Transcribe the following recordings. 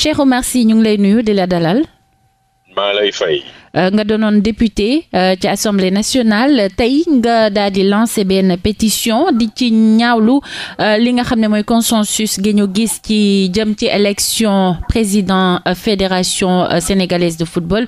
Cheikh Oumar Sy ñu ngi lay nuyu di la dalal. maa fay. Euh, nga doonoon député euh, ci assemblée nationale tey nga daal di lancé benn pétition di ci ñaawlu euh, li nga xam ne mooy consensus gi ñu gis ci jëm ci élection président fédération sénégalaise de football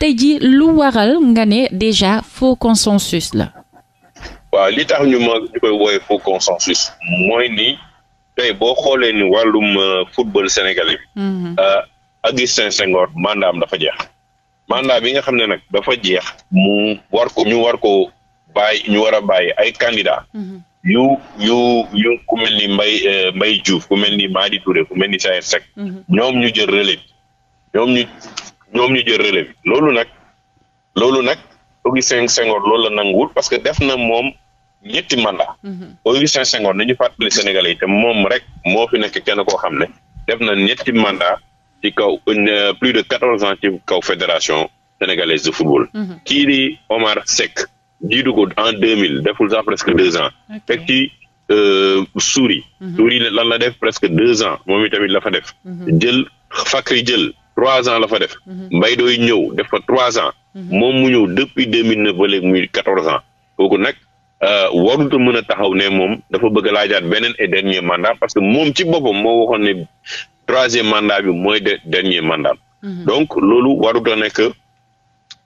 tey ji lu waral nga ne déjà faux consensus la. tey boo xoolee ni wàllum euh, football sénégalais bi. Mhm. Euh, Augustin Senghor mandaam dafa jeex. mandat bi nga xam ne nag dafa jeex. mu war ko ñu war ko bàyyi ñu war a bàyyi ay candidat mhm. yu yu yu ku mel ni Mbaye euh, Mbaye ku mel ni Madi Touré ku mel ni Saër Seck. Mhm. ñoom ñu jër relais ñoom ñu ñoom ñu jël relais bi loolu nag loolu nag Augustin Senghor loolu la nanguwul parce que def na moom ñetti mandat mhm. Augustin Senghor nañu fàttali Sénégalais yi te moom rek moo fi nekk kenn koo xam ne def na ñetti mandat ci kaw euh, plus de quatorze ans ci kaw fédération sénégalaise de football mhm. kii di Omar Seck jiitu ko en deux mille deful sax presque deux ans teg ci Souris euh, Souris mhm. lan la def presque deux ans moom itamit la fa def jël Fakri jël trois ans la fa def mbay dooy ñëw def fa trois ans moom mu ñëw depuis deux mille na ba léegi muy quatorze ans Euh, warut a mën a taxaw ne moom dafa bëgg laajaat beneen et dernier mandat parce que moom ci boppam moo waxoon ne troisième mandat bi mooy de dernier mandat. Mhm. donc loolu warut a nekk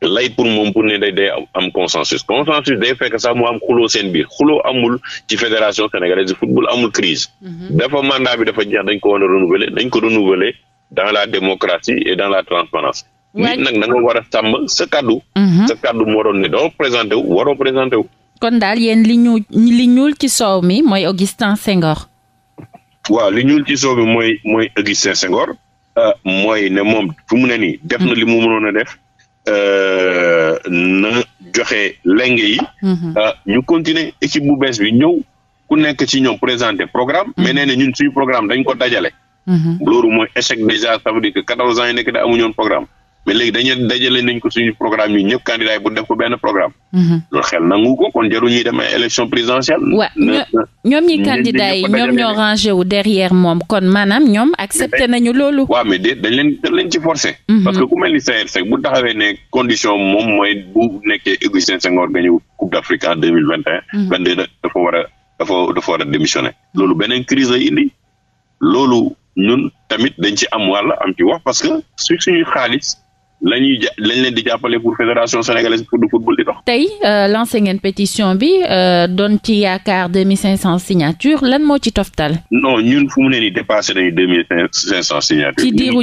lay pour moom pour ne day day am consensus consensus day fekk sax mu am xuloo seen biir xuloo amul ci fédération sénégalaise de football amul crise mhm. dafa mandat bi dafa jeex dañ ko war a renouveler dañ ko renouveler dans la démocratie et dans la transparence nit nag da nga war a sàmm sa kaddu mhm. sa moo doon ne doo présenté wu waroo présenté wu kon daal yéen li ñu li ñuul ci soow mi mooy Augustin Senghor. waaw li ñuul ci soow mi mooy mooy Augustin Senghor. Euh, mooy ne moom fu mu ne nii. def na li mu mënoon a def. Euh, na joxe lenge yi. Mhm. Euh, ñu continuer équipe bu bees bi ñëw ku nekk ci ñoom présenter programme. Mhm. mais nee ñun suñu programme dañ ko dajale. Mhm. loolu mooy échec déjà ça veut quatorze ans yi nekk da amuñoon programme. mais léegi dañu dajale nañ ko suñu programme ñun ñëpp candidat yi bu def ko benn programme. Mhm. xel nangu ko kon jarul ñuy élection présidentielle. na ñoom ñi candidat yi ñoom ñoo rangé wu derrière moom kon maanaam ñoom accepté nañu loolu. waaw mais déet dañ ci forcé. Mhm. parce que ku mel ni Saër bu taxawee ne condition moom mooy bu nekkee Augustin Senghor gagné Coupe d'Afrique en deux mille vingt un. Mhm. a dafa beneen crise lay indi loolu ñun tamit dañ ci am wàll am ci que suñ suñu xaalis. la ñuy lañ leen di jàppale pour fédération sénégalaise pour le football di dox. tey euh, pétition bi euh, doon ci yaakaar deux mille cinq cent signatures lan moo ci toftal. non ñun fu mu ne nii dépassé nañu deux mille cinq cent signatures. ci diiru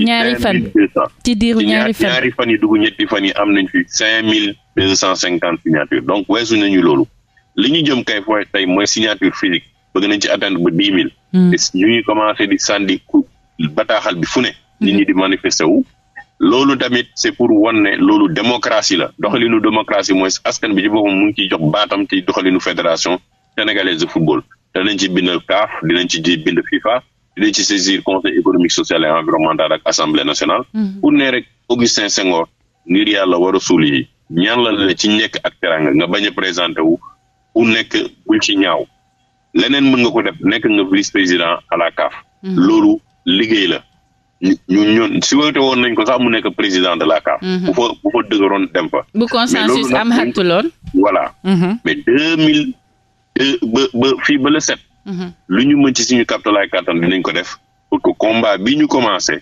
ci diiru ñaari fan yi dugg ñetti fan yi am nañ fi cinq donc weesu nañu loolu li jëm kay fooy tey mooy signature physique bëgg nañ ci atteindre ba dix mille. Hmm. te ñu di sànni bataaxal bi fu ne. Hmm. nit ñi di manifester loolu tamit c'est pour wan ne loolu démocratie la doxalinu démocratie mooy askan bi ci boppam mu ngi ciy jox baatam ci doxalinu fédération sénégalaise de football danañ ci bindal CAF dinañ ci bind FIFA dinañ ci saisir conseil économique social et environnemental ak assemblée nationale. pour mm-hmm. ne rek Augustin Senghor ngir yàlla war a suul yi ñaan la ne ci ñekk ak teranga nga bañ a présenté wu nekk bul ci ñaaw leneen mën nga ko def nekk nga vice président à la mm-hmm. loolu liggéey la. ñu ñun si woote woon nañ ko sax mu nekk président de la CAF. Mhm. bu fa bu fa dëgëroon dem fa. bu consensus am xattu loon voilà. Mhm. mais euh, ba ba fii ba le sept. Mhm. lu ñu mën ko def. pour que combat bi ñu commencé.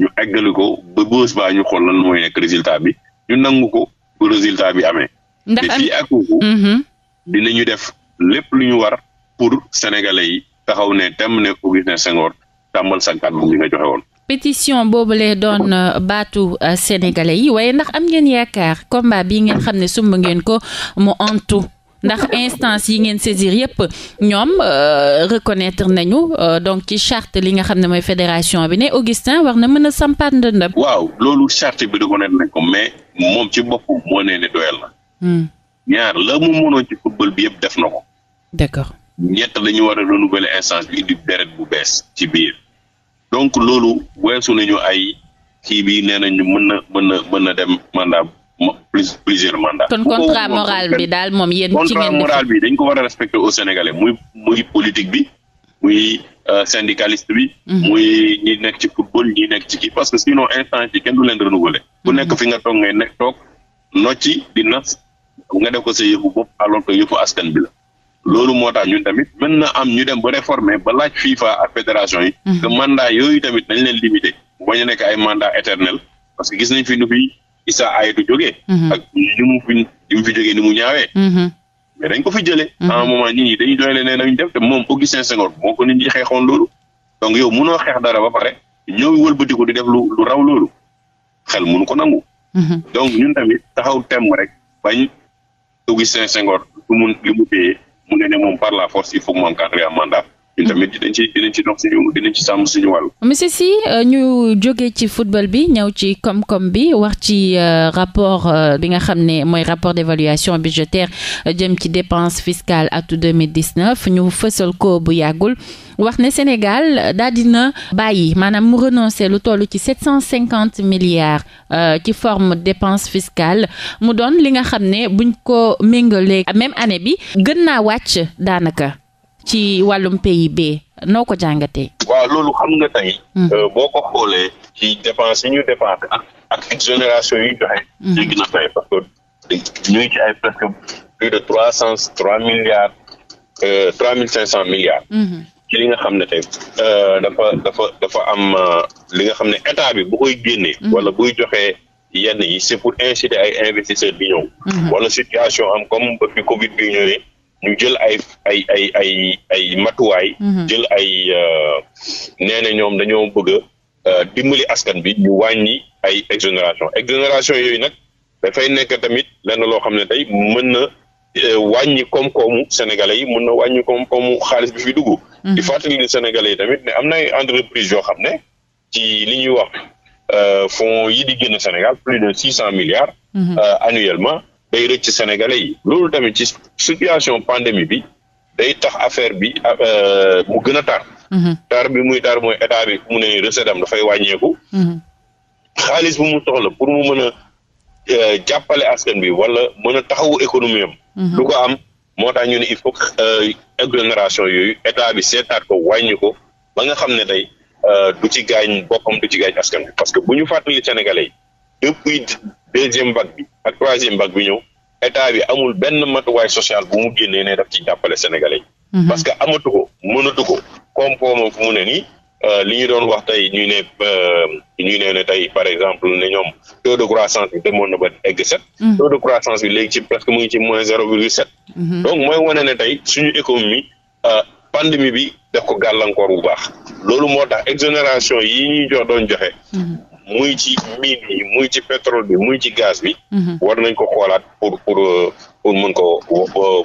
ñu eggali ko ba bës baa ñu xool lan mooy nekk résultat bi ñu nangu ko résultat bi amee. ndax am fii ak dinañu def lépp lu ñu war pour sénégalais yi taxaw ne tem ne Augustin Senghor tàmbal sa kàddu nga joxe pétition boobu lee doon euh, baatu euh, sénégalais yi waaye ndax am ngeen yaakaar combat bi ngeen xam ne sumb ngeen ko mu antu ndax instance yi ngeen saisir yépp ñoom euh, reconnaître nañu donc ci charte li nga xam ne mooy fédération bi ne Augustin war na mën a sampaat ndëndam waaw loolu charte bi reconnaître nañ ko mais moom ci bopp moo nee ne doyal na hmm. ñaar la mu mënoon ci football bi yëpp def na ko ñett dañu war a renouveler instance bi indi deret bu bees ci biir donc loolu weesu nañu ay kii bi nee nañu mën na mën na mën na dem mandat plus plusieurs mandats. kon contrat moral bi daal moom yéen ci ngeen. contrat moral bi dañ ko war a respecter au Sénégalais muy muy politique bi muy euh, syndicaliste bi. Mhm. muy ñi nekk ci football ñi nekk ci kii parce que sinon instance yi kenn du leen renouveler. ku nekk mhm. fi nga toog ngay nekk toog nocci di nas nga def ko se yëfu bopp alors que yëfu askan bi la. loolu moo tax ñun tamit mën na am ñu dem ba réformer ba laaj FIFA ak fédération yi. Mhm. que mandat yooyu tamit dañ leen limité. ba ñu nekk ay mandat éternel parce que gis nañ fi nu fi Issa Hayatou jógee. Mhm. ak ni mu fi ni mu mu ñaawee. Mhm. mais dañ ko fi jëlee. a un moment nit ñi dañu doyalee nee nañu moom Augustin Senghor moo ko nit ñi xeexoon loolu. donc yow mënoo xeex dara ba pare ñëw wëlbati ko di lu lu raw loolu xel mënu ko nangu. donc ñun tamit taxaw temm rek bañ Augustin Senghor du mun li mu téye mu mom ne moom par la force il faut que mu mandat ñun mhm. tamit dinañ euh, ñu jóge ci football bi ñëw ci koom-koom bi wax ci euh, rapport euh, bi nga xam ne mooy rapport d'évaluation budgétaire jëm ci dépense fiscale atu 2019 ñu fësal koo bu yàggul wax ne Sénégal daal bàyyi maanaam mu renoncer lu toll ci 750 milliards ci forme dépense fiscale mu doon li nga xam ne buñ ko méngalee même année bi gën naa wàcc daanaka. ci wàllum PIB noo ko jàngatee. waaw loolu xam nga tey. Hmm. Euh, boo ko xoolee ci dépense yi ñu dépensé ak ak exonération yi ñu joxe. léegi hmm. na tey parce que ci ay presque plus de trois cent trois milliards euh, trois mille cinq cent milliards. Hmm. ci li nga xam ne tey euh, dafa dafa dafa am li nga xam ne état bi bu koy génnee. wala buy joxe. yenn yi c'est pour inciter ay investisseurs bi ñëw. wala situation am comme ba fi Covid bi ñëwee. ñu jël ay ay ay ay ay matuwaay. Mhm. jël ay euh, nee na ñoom dañoo bëgg euh, dimbali askan bi ñu wàññi ay exonération exonération yooyu nag dafay nekk tamit lenn loo xam ne tey mën na euh, wàññi koom-koomu sénégalais yi mën na wàññi koom-koomu xaalis bi fi dugg. di mhm. fàttali ni yi tamit ne am na ay entreprise yoo xam ne ci li ñuy wax fonds yi di génn Sénégal plus de six cent milliards. Mhm. annuellement. day rëcc sénégalais yi loolu tamit ci situation pandémie bi day tax affaire bi euh, mu gën a tar mhm. tar bi muy tar mooy état bi mu ne recette am dafay wàññeeku mhm. xaalis bu mu soxla pour mu mën a euh, jàppale askan bi wala mën a taxawu économie am mhm. ko am moo tax ñu ne il faut que agglomération euh, yooyu état bi seetaat ko wàññi ko ba nga xam ne tey du ci gaañ boppam du ci gaañ askan bi parce que bu ñu fàttali sénégalais yi deuxième vague bi ak troisième vague bi ñëw état bi amul benn matuwaay social bu mu génnee ne daf ci jàppale sénégalais yi. Mhm. parce que amatu ko mënatu ko koom-koomam fu mu ne nii euh, li ñu doon wax tey ñu ne euh, ñu ne ne tey par exemple ne ñoom taux de croissance bi demoon na ba egg sept. Mhm. taux de croissance bi léegi ci presque mu ngi ci moins zéro virgule sept. Mhm. donc mooy wane ne tey suñu économie euh, pandémie bi def ko gàllankoor bu baax loolu moo tax exonération yi ñuy jox doon joxe. muy ci mine yi muy ci pétrole bi muy ci gaz bi. Mhm. war nañ ko xoolaat pour pour euh, pour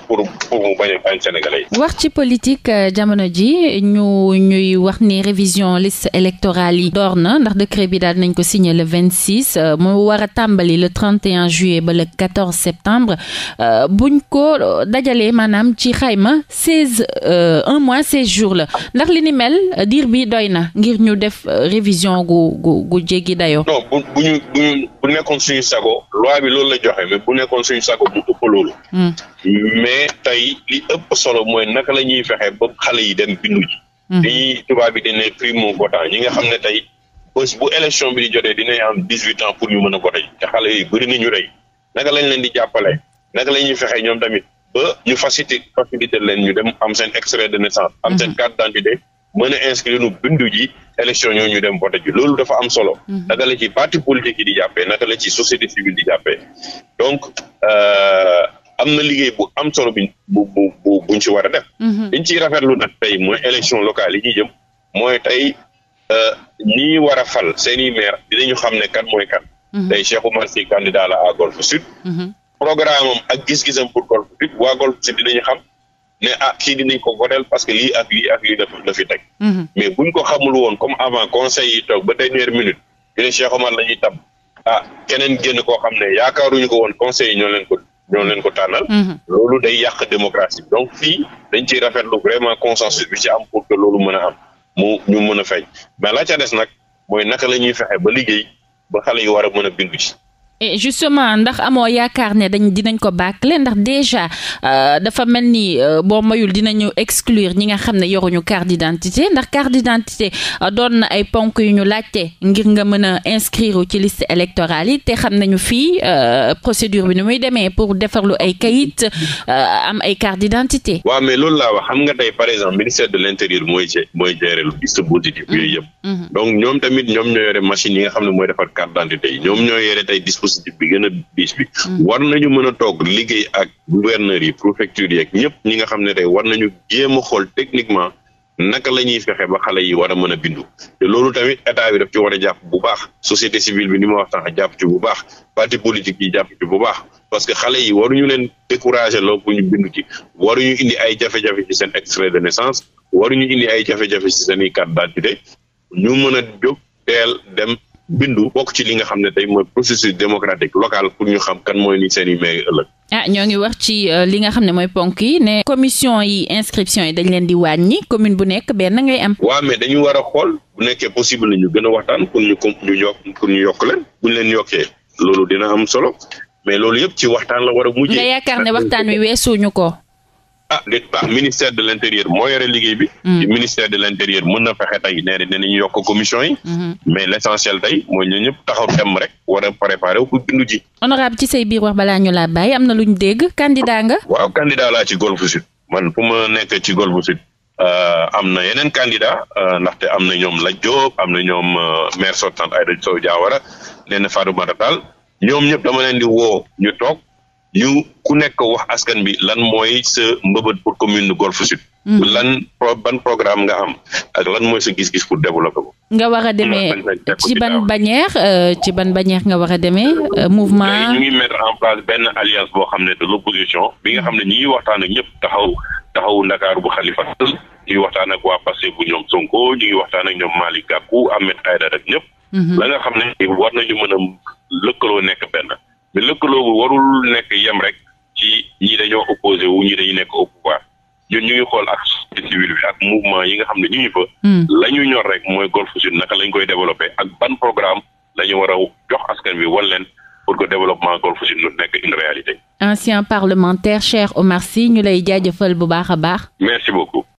euh, wax ci politique euh, jamono ji ñu ñuy wax ni révision liste électorale yi door na ndax décret bi daal nañ ko signe le 26 euh, mu war a tàmbali le 31 juillet ba le 14 septembre buñ ko dajalee maanaam ci xayma 16 un mois 16 jours la ndax li ni mel diir bi doy na ngir ñu def révision gu gu gu jéggi dayoo. nekkoon suñu sago loi bi loolu la joxe mais bu nekkoon suñu sago bu ëpp loolu. Hmm. mais tey li ëpp solo mooy naka la ñuy fexe ba xale yi dem bindu ji. dañuy hmm. tubaab bi dañ ne primo votant ñi nga xam ne tey bés bu élection bi di jotee dinañ am dix huit ans pour ñu mën a voté te xale yi bëri na ñu rey naka lañ leen di jàppale naka la ñuy fexe ñoom tamit ba ñu faciliter faciliter leen ñu dem am seen extrait de naissance. am seen hmm. carte d'identité mën a inscrire nu bindu ji élection ñoo ñu dem voté ji loolu dafa am solo. Mhm. naka la ci parti politique yi di jàppee naka la ci société civile di jàppee donc euh, am na liggéey bu am solo bu bu bu buñ ci war a def. ci mhm. ciy rafetlu nag tey mooy élection locale yi ñu jëm mooy tey euh, ñi war a fal seen i maire dinañu xam ne kan mooy kan. Mhm. tey Cheikh Oumar Sy la a Golf Sud. programme am ak gis-gisam pour Golf Sud waa Golf Sud dinañu xam. ne ah kii nañ ko voteel parce que lii ak lii ak fi teg. Mhm. mais buñ ko xamul woon comme avant conseil yi toog ba dernière minute ñu ne Cheikh Omar tab ah keneen génn koo xam ne ñu ko woon conseil yi ñoo leen ko ñoo leen ko tànnal. Mhm. loolu day yàq démocratie donc fii dañ ciy rafetlu vraiment consensus bi ci am pour que loolu mën a am mu ñu mën a feeñ mais la ca des nag mooy naka la ñuy fexe ba liggéey ba xale yi war a mën a bindu ci. et justement ndax amoo yaakaar ne dañ dinañ ko bâcler ndax déjà euh, dafa mel ni euh, boo mayul dinañu exclure ñi nga xam ne yoruñu carte d'identité ndax carte d'identité euh, doon na ay ponk yu ñu laajte ngir nga mën a inscrire ci list électorale yi te xam nañu fii procédure bi ni muy demee pour lu ay kayit am ay carte d'identité. waaw mais loolu laa wax xam nga tey par exemple ministère de l'intérieur mooy cee mooy gérer lu liste yooyu yëpp. Mm-hmm. donc ñoom tamit ñoom ñoo yi nga xam ne mooy defar carte d'identité ñoo yore dispositif bi gën a bi mm-hmm. war nañu mën toog liggéey ak gouverneurs yi préfectures yi ñëpp ñi nga xam ne tey war nañu jéem a xool techniquement naka la ñuy fexe ba xale yi war a mën a bindu te loolu tamit état bi daf ci war a jàpp bu baax société civile bi ni ma wax a jàpp ci bu baax parti politique yi jàpp ci bu baax parce que xale yi ñu leen décourager loo pour ñu bindu ci ñu indi ay jafe-jafe ci seen extrait de naissance ñu indi ay jafe-jafe ci seen i bindu bokk ci li nga xam ne tey mooy processus démocratique local pour ñu xam kan mooy ni seen i ëllëg. ah ñoo ngi wax ci euh, li nga xam ne mooy ponk yi ne commission yi inscription yi dañ leen di wàññi commune bu nekk benn ngay am. waaw mais dañu war a xool bu nekkee possible ñu gën a waxtaan pour ñu ko ñu yokk pour ñu yokk leen bu ñu leen yokkee loolu dina am solo mais loolu yëpp ci waxtaan la wara a mujjee. nga yaakaar ne waxtaan wi weesuñu ko. a ah, léegi baax ministère de l' intérieur moo yore liggéey bi. Mm. ministère de l' intérieur mën na fexe tey nee nañ ñu yokk commission yi. Mm-hmm. mais l' essentiel mooy ñu ñëpp taxaw dem rek war a u pour bindu ji. honorable ci say biir wax balaa ñu laa bàyyi am na lu ñu dégg candidat nga. waaw candidat laa ci Golf Sud man fu ma nekk ci Golf Sud. Euh, am na yeneen candidat euh, ndaxte am na ñoom Lat Diop am na ñoom euh, maire sortant Aïda Sow Diawara nee na Fatoumata Tall ñoom ñëpp dama di woo ñu toog. ñu ku nekk wax askan bi lan mooy sa mbëbët pour commune de Golf Sud. Hmm. lan pro ban programme nga am ak lan mooy sa gis-gis pour développer ko. nga wax a demee ci ban bannière euh, ci ban bannière nga wax a demee euh, mouvement. ñu ngi mettre en place benn alliance boo xam ne de l'opposition bi nga xam ne ñi waxtaan ak ñëpp taxaw taxawu Ndakaaru bu Khalifa Sall ñu ngi waxtaan ak waa Pastef bu ñoom Sonko ñu ngi waxtaan ak ñoom Malick Gakou Ahmed Aïdara ak ñëpp. Hmm. la nga xam ne war nañu mën a lëkkaloo nekk mais lëkkaloo bu warul nekk yem rek ci ñi dañoo opposé wu ñi dañu nekk au pouvoir ñu ngi xool ak société civile bi ak mouvement yi nga xam ne ñu ngi fa. Hmm. la ñu ñor rek mooy Golf Sud naka lañ koy développé ak ban programme la ñu war a jox askan wi wan leen pour que développement Golf Sud lu nekk une réalité. ancien parlementaire Cheikh Omar Sy ñu lay jaajëfal bu baax a baax. merci beaucoup.